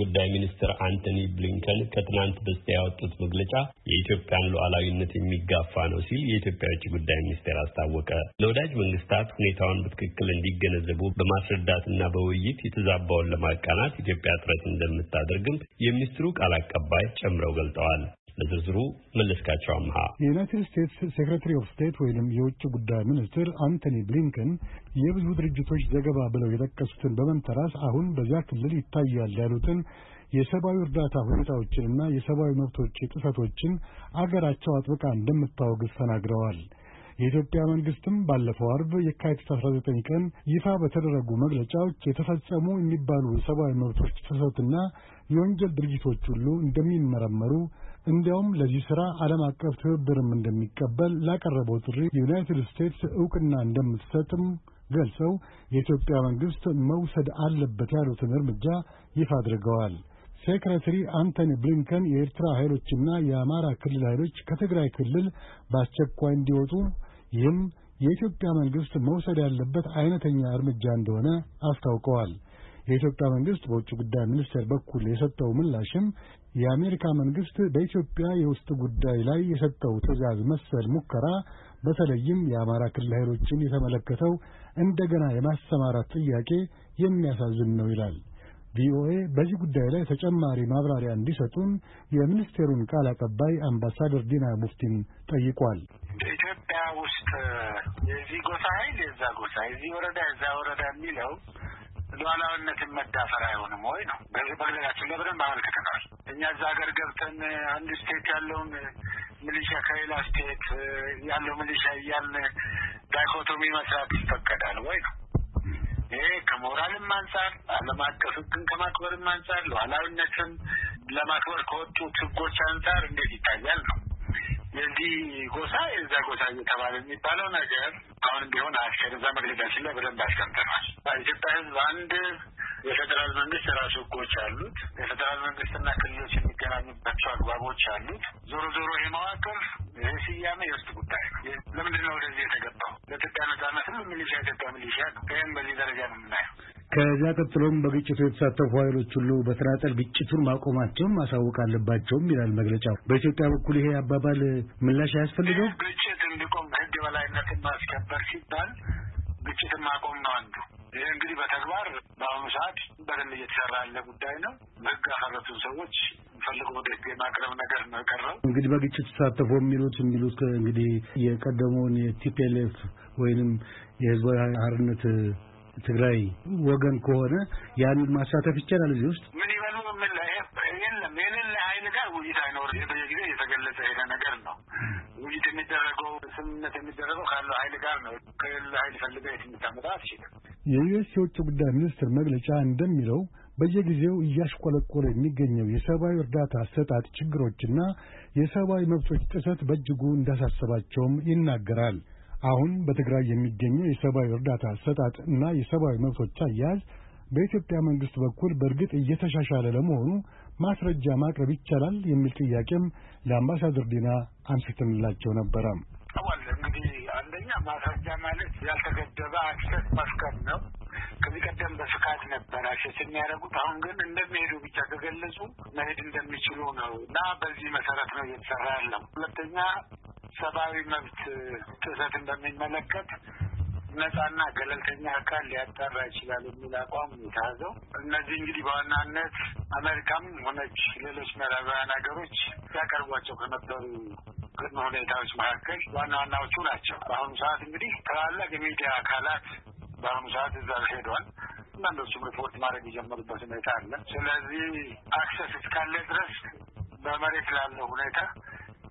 ጉዳይ ሚኒስትር አንቶኒ ብሊንከን ከትናንት በስቲያ ያወጡት መግለጫ የኢትዮጵያን ሉዓላዊነት የሚጋፋ ነው ሲል የኢትዮጵያ ውጭ ጉዳይ ሚኒስቴር አስታወቀ። ለወዳጅ መንግስታት ሁኔታውን በትክክል እንዲገነዘቡ በማስረዳትና በውይይት የተዛባውን ለማቃናት ኢትዮጵያ ጥረት እንደምታደርግም የሚኒስትሩ ቃል አቀባይ ጨምረው ገልጠዋል። ለዝርዝሩ መለስካቸው አምሃ የዩናይትድ ስቴትስ ሴክሬታሪ ኦፍ ስቴት ወይም የውጭ ጉዳይ ሚኒስትር አንቶኒ ብሊንከን የብዙ ድርጅቶች ዘገባ ብለው የጠቀሱትን በመንተራስ አሁን በዚያ ክልል ይታያል ያሉትን የሰብአዊ እርዳታ ሁኔታዎችንና የሰብአዊ መብቶች ጥሰቶችን አገራቸው አጥብቃ እንደምታወግዝ ተናግረዋል። የኢትዮጵያ መንግስትም ባለፈው አርብ የካቲት 19 ቀን ይፋ በተደረጉ መግለጫዎች የተፈጸሙ የሚባሉ የሰብአዊ መብቶች ጥሰትና የወንጀል ድርጊቶች ሁሉ እንደሚመረመሩ እንዲያውም ለዚህ ሥራ ዓለም አቀፍ ትብብርም እንደሚቀበል ላቀረበው ጥሪ ዩናይትድ ስቴትስ እውቅና እንደምትሰጥም ገልጸው የኢትዮጵያ መንግሥት መውሰድ አለበት ያሉትን እርምጃ ይፋ አድርገዋል። ሴክሬታሪ አንቶኒ ብሊንከን የኤርትራ ኃይሎችና የአማራ ክልል ኃይሎች ከትግራይ ክልል በአስቸኳይ እንዲወጡ ይህም የኢትዮጵያ መንግሥት መውሰድ ያለበት አይነተኛ እርምጃ እንደሆነ አስታውቀዋል። የኢትዮጵያ መንግስት በውጭ ጉዳይ ሚኒስቴር በኩል የሰጠው ምላሽም የአሜሪካ መንግስት በኢትዮጵያ የውስጥ ጉዳይ ላይ የሰጠው ትዕዛዝ መሰል ሙከራ በተለይም የአማራ ክልል ኃይሎችን የተመለከተው እንደገና የማሰማራት ጥያቄ የሚያሳዝን ነው ይላል። ቪኦኤ በዚህ ጉዳይ ላይ ተጨማሪ ማብራሪያ እንዲሰጡን የሚኒስቴሩን ቃል አቀባይ አምባሳደር ዲና ሙፍቲን ጠይቋል። ውስጥ የዚህ ጎሳ ኃይል የዛ ጎሳ የዚህ ወረዳ የዛ ወረዳ የሚለው ሉዓላዊነትን መዳፈር አይሆንም ወይ ነው። በዚህ በግለጋችን ላይ በደንብ እኛ እዛ ሀገር ገብተን አንድ ስቴት ያለውን ሚሊሻ ከሌላ ስቴት ያለው ሚሊሻ እያልን ዳይኮቶሚ መስራት ይፈቀዳል ወይ ነው። ይሄ ከሞራልም አንጻር ዓለም አቀፍ ሕግን ከማክበርም አንጻር ሉዓላዊነትን ለማክበር ከወጡት ሕጎች አንጻር እንዴት ይታያል? የዚህ ጎሳ የዛ ጎሳ እየተባለ የሚባለው ነገር አሁን ቢሆን አስከር እዛ መግለጫችን ላይ በደንብ አስቀምጠናል። ኢትዮጵያ ሕዝብ አንድ የፌዴራል መንግስት የራሱ ህጎች አሉት። የፌዴራል መንግስትና ክልሎች የሚገናኙባቸው አግባቦች አሉት። ዞሮ ዞሮ ይህ መዋቅር ይህ ስያሜ የውስጥ ጉዳይ ነው። ለምንድን ነው ወደዚህ የተገባው? ለኢትዮጵያ ነጻነት ሁሉ ሚሊሻ ኢትዮጵያ ሚሊሻ ነው። ይህም በዚህ ደረጃ ነው የምናየው። ከዚያ ቀጥሎም በግጭቱ የተሳተፉ ኃይሎች ሁሉ በተናጠል ግጭቱን ማቆማቸውን ማሳወቅ አለባቸውም ይላል መግለጫው። በኢትዮጵያ በኩል ይሄ አባባል ምላሽ አያስፈልገው። ግጭት እንዲቆም ከህግ የበላይነትን ማስከበር ሲባል ግጭትን ማቆም ነው አንዱ። ይህ እንግዲህ በተግባር በአሁኑ ሰዓት በደንብ እየተሰራ ያለ ጉዳይ ነው። ህግ ያፈረቱን ሰዎች ፈልጎ ወደ ህግ የማቅረብ ነገር ነው የቀረው። እንግዲህ በግጭት ተሳተፎ የሚሉት የሚሉት እንግዲህ የቀደመውን የቲፒኤልኤፍ ወይንም የህዝባዊ አርነት ትግራይ ወገን ከሆነ ያንን ማሳተፍ ይቻላል። እዚህ ውስጥ ምን ይበሉ ምን ላይ የለም የሌለ ኃይል ጋር ውይይት አይኖርም። በየጊዜ የተገለጸ ሄደ ነገር ነው። ውይይት የሚደረገው ስምምነት የሚደረገው ካለው ኃይል ጋር ነው። ከሌለ ኃይል ፈልገ የሚታመጣ አትችልም። የዩኤስ የውጭ ጉዳይ ሚኒስትር መግለጫ እንደሚለው በየጊዜው እያሽቆለቆለ የሚገኘው የሰብአዊ እርዳታ አሰጣጥ ችግሮችና የሰብአዊ መብቶች ጥሰት በእጅጉ እንዳሳሰባቸውም ይናገራል። አሁን በትግራይ የሚገኘው የሰብአዊ እርዳታ አሰጣጥ እና የሰብአዊ መብቶች አያያዝ በኢትዮጵያ መንግስት በኩል በእርግጥ እየተሻሻለ ለመሆኑ ማስረጃ ማቅረብ ይቻላል የሚል ጥያቄም ለአምባሳደር ዲና አንስትንላቸው ነበረ። አንደኛ ማስረጃ ማለት ያልተገደበ አክሰስ መፍቀድ ነው። ከዚህ ቀደም በስካት ነበር አክሰስ የሚያደርጉት። አሁን ግን እንደሚሄዱ ብቻ ከገለጹ መሄድ እንደሚችሉ ነው እና በዚህ መሰረት ነው እየተሰራ ያለው። ሁለተኛ ሰብአዊ መብት ጥሰትን በሚመለከት ነጻና ገለልተኛ አካል ሊያጣራ ይችላል የሚል አቋም የተያዘው እነዚህ እንግዲህ በዋናነት አሜሪካም ሆነች ሌሎች ምዕራባውያን ሀገሮች ሲያቀርቧቸው ከነበሩ ቅድመ ሁኔታዎች መካከል ዋና ዋናዎቹ ናቸው። በአሁኑ ሰዓት እንግዲህ ታላላቅ የሚዲያ አካላት በአሁኑ ሰዓት እዛ ሄደዋል። አንዳንዶቹም ሪፖርት ማድረግ የጀመሩበት ሁኔታ አለ። ስለዚህ አክሰስ እስካለ ድረስ በመሬት ላለው ሁኔታ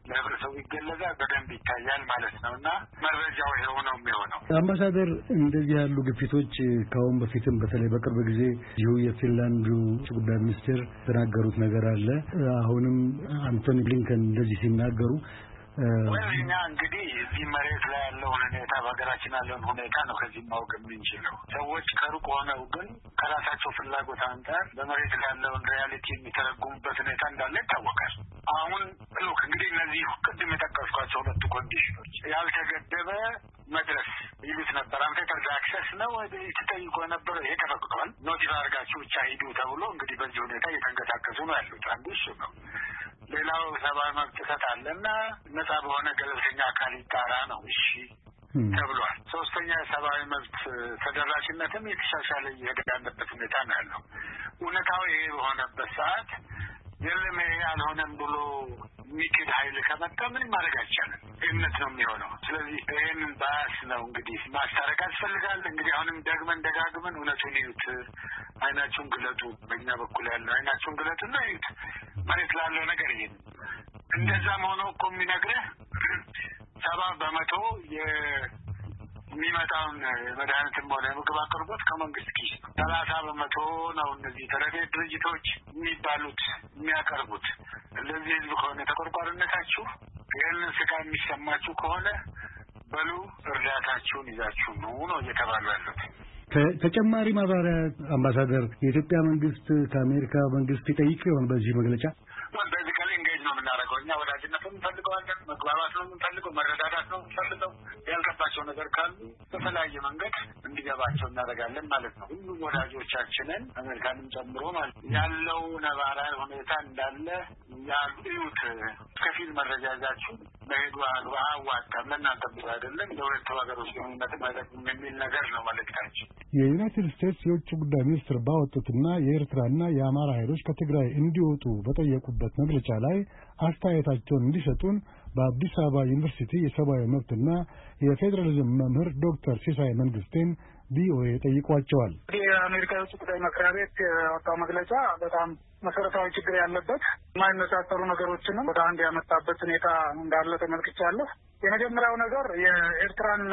ለህብረተሰቡ ይገለጻል፣ በደንብ ይታያል ማለት ነው እና መረጃው ይኸው ነው የሚሆነው። አምባሳደር፣ እንደዚህ ያሉ ግፊቶች ከአሁን በፊትም በተለይ በቅርብ ጊዜ ይሁ የፊንላንዱ ውጭ ጉዳይ ሚኒስትር የተናገሩት ነገር አለ። አሁንም አንቶኒ ብሊንከን እንደዚህ ሲናገሩ እኛ እንግዲህ እዚህ መሬት ላይ ያለውን ሁኔታ በሀገራችን ያለውን ሁኔታ ነው ከዚህ ማወቅ የምንችለው። ሰዎች ከሩቅ ሆነው ግን ከራሳቸው ፍላጎት አንጻር በመሬት ላይ ያለውን ሪያሊቲ የሚተረጉሙበት ሁኔታ እንዳለ ይታወቃል። አሁን ሉክ እንግዲህ እነዚህ ቅድም የጠቀስኳቸው ሁለቱ ኮንዲሽኖች ያልተገደበ መድረስ ይሉት ነበር። አንፔፐርድ አክሰስ ነው ትጠይቆ የነበረው ይሄ ተፈቅዷል። ኖቲፋ አድርጋችሁ ብቻ ሂዱ ተብሎ እንግዲህ በዚህ ሁኔታ እየተንቀሳቀሱ ነው ያሉት። አንዱ እሱ ነው። ሌላው ሰብአዊ መብት ጥሰት አለና ነጻ በሆነ ገለልተኛ አካል ይጣራ ነው። እሺ ተብሏል። ሶስተኛ የሰብአዊ መብት ተደራሽነትም የተሻሻለ እየሄደ ያለበት ሁኔታ ነው ያለው። እውነታው ይሄ በሆነበት ሰዓት የለም ይሄ አልሆነም ብሎ የሚክድ ኃይል ከመጣ ምንም ማድረግ አይቻልም። ግነት ነው የሚሆነው። ስለዚህ ይህን ባስ ነው እንግዲህ ማስታረቅ ያስፈልጋል። እንግዲህ አሁንም ደግመን ደጋግመን እውነቱን ይዩት፣ አይናችሁን ግለጡ፣ በእኛ በኩል ያለው አይናችሁን ግለጡና ይዩት መሬት ላለው ነገር ይሄ እንደዛም ሆኖ እኮ የሚነግርህ ሰባ በመቶ የሚመጣውን መድኃኒትም ሆነ የምግብ አቅርቦት ከመንግስት ኪስ ሰላሳ በመቶ ነው እነዚህ ተረድኤት ድርጅቶች የሚባሉት የሚያቀርቡት። እንደዚህ ህዝብ ከሆነ ተቆርቋርነታችሁ ይህን ስቃ የሚሰማችሁ ከሆነ በሉ እርዳታችሁን ይዛችሁ ነው ነው እየተባሉ ያሉት። ተጨማሪ ማብራሪያ አምባሳደር፣ የኢትዮጵያ መንግስት ከአሜሪካ መንግስት ይጠይቅ ይሆን በዚህ መግለጫ? መግባባት ነው የምንፈልገው፣ መረዳዳት ነው የምንፈልገው። ያልገባቸው ነገር ካሉ በተለያየ መንገድ እንዲገባቸው እናደርጋለን ማለት ነው። ሁሉም ወዳጆቻችንን አሜሪካንም ጨምሮ ማለት ነው ያለው ነባራዊ ሁኔታ እንዳለ ያሉት ከፊል መረጃ ይዛችሁ መሄዱ አዋጣም ለእናንተ ብዙ አይደለም ለሁለቱ ሀገሮች ግንኙነት አይጠቅም የሚል ነገር ነው መልእክታችን። የዩናይትድ ስቴትስ የውጭ ጉዳይ ሚኒስትር ባወጡትና የኤርትራና የአማራ ኃይሎች ከትግራይ እንዲወጡ በጠየቁበት መግለጫ ላይ አስተያየታቸውን እንዲሰጡን በአዲስ አበባ ዩኒቨርሲቲ የሰብአዊ መብትና የፌዴራሊዝም መምህር ዶክተር ሲሳይ መንግስቴን ቪኦኤ ጠይቋቸዋል። የአሜሪካ የውጭ ጉዳይ መክሪያ ቤት ያወጣው መግለጫ በጣም መሰረታዊ ችግር ያለበት የማይመሳሰሉ ነገሮችንም ወደ አንድ ያመጣበት ሁኔታ እንዳለ ተመልክቻለሁ። የመጀመሪያው ነገር የኤርትራን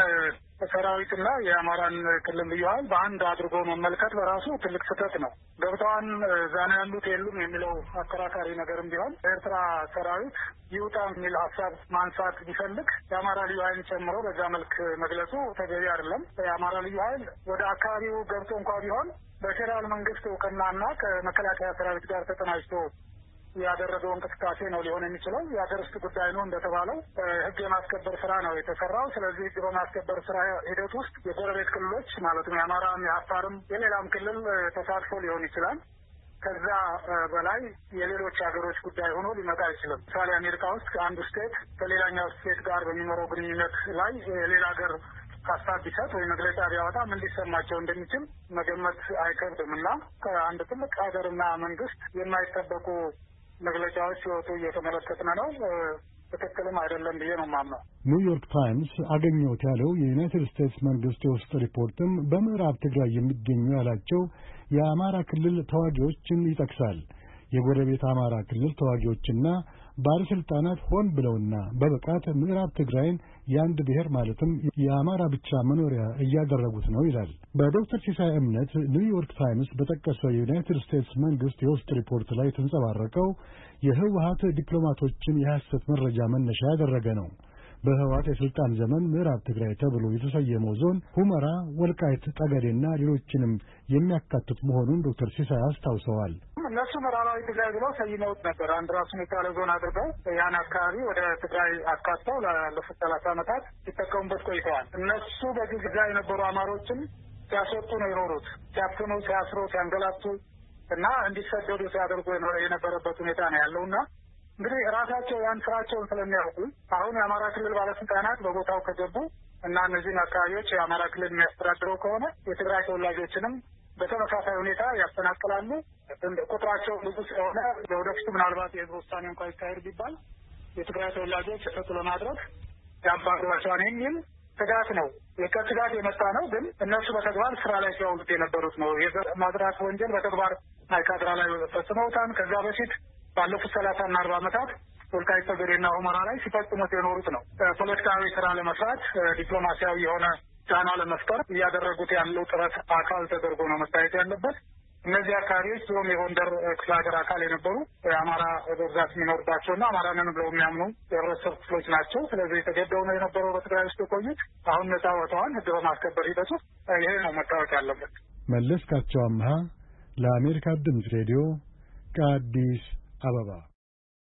ሰራዊትና የአማራን ክልል ልዩ ኃይል በአንድ አድርጎ መመልከት በራሱ ትልቅ ስህተት ነው። ገብተዋን ዛና ያሉት የሉም የሚለው አከራካሪ ነገርም ቢሆን የኤርትራ ሰራዊት ይውጣ የሚል ሀሳብ ማንሳት ቢፈልግ የአማራ ልዩ ኃይል ጨምሮ በዛ መልክ መግለጹ ተገቢ አይደለም። የአማራ ልዩ ኃይል ወደ አካባቢው ገብቶ እንኳ ቢሆን በፌዴራል መንግስት እውቅናና ከመከላከያ ሰራዊት ጋር ተጠናጅቶ ያደረገው እንቅስቃሴ ነው ሊሆን የሚችለው። የሀገር ውስጥ ጉዳይ ነው እንደተባለው ህግ የማስከበር ስራ ነው የተሰራው። ስለዚህ ህግ በማስከበር ስራ ሂደት ውስጥ የጎረቤት ክልሎች ማለትም የአማራም፣ የአፋርም የሌላም ክልል ተሳትፎ ሊሆን ይችላል። ከዛ በላይ የሌሎች ሀገሮች ጉዳይ ሆኖ ሊመጣ አይችልም። ምሳሌ አሜሪካ ውስጥ ከአንዱ ስቴት ከሌላኛው ስቴት ጋር በሚኖረው ግንኙነት ላይ የሌላ ሀገር ሀሳብ ቢሰጥ ወይም መግለጫ ቢያወጣ ምን ሊሰማቸው እንደሚችል መገመት አይከብድም እና ከአንድ ትልቅ ሀገርና መንግስት የማይጠበቁ መግለጫዎች ሲወጡ እየተመለከትን ነው። ትክክልም አይደለም ብዬ ነው የማምነው። ኒውዮርክ ታይምስ አገኘሁት ያለው የዩናይትድ ስቴትስ መንግስት የውስጥ ሪፖርትም በምዕራብ ትግራይ የሚገኙ ያላቸው የአማራ ክልል ተዋጊዎችን ይጠቅሳል። የጎረቤት አማራ ክልል ተዋጊዎችና ባለሥልጣናት ሆን ብለውና በብቃት ምዕራብ ትግራይን የአንድ ብሔር ማለትም የአማራ ብቻ መኖሪያ እያደረጉት ነው ይላል። በዶክተር ሲሳይ እምነት ኒውዮርክ ታይምስ በጠቀሰው የዩናይትድ ስቴትስ መንግሥት የውስጥ ሪፖርት ላይ የተንጸባረቀው የህወሀት ዲፕሎማቶችን የሐሰት መረጃ መነሻ ያደረገ ነው። በህወሓት የስልጣን ዘመን ምዕራብ ትግራይ ተብሎ የተሰየመው ዞን ሁመራ፣ ወልቃይት ጠገዴና ሌሎችንም የሚያካትት መሆኑን ዶክተር ሲሳይ አስታውሰዋል። እነሱ ምዕራባዊ ትግራይ ብለው ሰይመውት ነበር። አንድ ራሱን የቻለ ዞን አድርገው ያን አካባቢ ወደ ትግራይ አካተው ላለፉት ሰላሳ ዓመታት ሲጠቀሙበት ቆይተዋል። እነሱ በዚህ ጊዜ የነበሩ አማሮችን ሲያስወጡ ነው የኖሩት። ሲያፍኑ፣ ሲያስሩ፣ ሲያንገላቱ እና እንዲሰደዱ ሲያደርጉ የነበረበት ሁኔታ ነው ያለውና እንግዲህ ራሳቸው ያን ስራቸውን ስለሚያውቁ አሁን የአማራ ክልል ባለስልጣናት በቦታው ከገቡ እና እነዚህን አካባቢዎች የአማራ ክልል የሚያስተዳድረው ከሆነ የትግራይ ተወላጆችንም በተመሳሳይ ሁኔታ ያፈናቅላሉ። ቁጥራቸው ብዙ ስለሆነ ለወደፊቱ ምናልባት የህዝብ ውሳኔ እንኳ ይካሄድ ቢባል የትግራይ ተወላጆች እሰጡ ለማድረግ ያባሯቸዋን የሚል ስጋት ነው። ከስጋት የመጣ ነው። ግን እነሱ በተግባር ስራ ላይ ሲያውሉት የነበሩት ነው። የዘር ወንጀል በተግባር ማይካድራ ላይ ፈጽመውታን ከዛ በፊት ባለፉት እና አርባ ዓመታት ወልቃይት ጠገዴና ሁመራ ላይ ሲፈጽሙት የኖሩት ነው። ፖለቲካዊ ስራ ለመስራት ዲፕሎማሲያዊ የሆነ ጫና ለመፍጠር እያደረጉት ያለው ጥረት አካል ተደርጎ ነው መታየት ያለበት። እነዚህ አካባቢዎች ዞም የጎንደር ክፍለ ሀገር አካል የነበሩ የአማራ በብዛት የሚኖርባቸውና አማራንን ብለው የሚያምኑ የህብረተሰብ ክፍሎች ናቸው። ስለዚህ የተገደው ነው የነበረው በትግራይ ውስጥ የቆዩት። አሁን ነጻ ወጥተዋል። ህግ በማስከበር ሂደቱ ይሄ ነው መታወቅ ያለበት። መለስካቸው አምሃ ለአሜሪካ ድምፅ ሬዲዮ ከአዲስ አበባ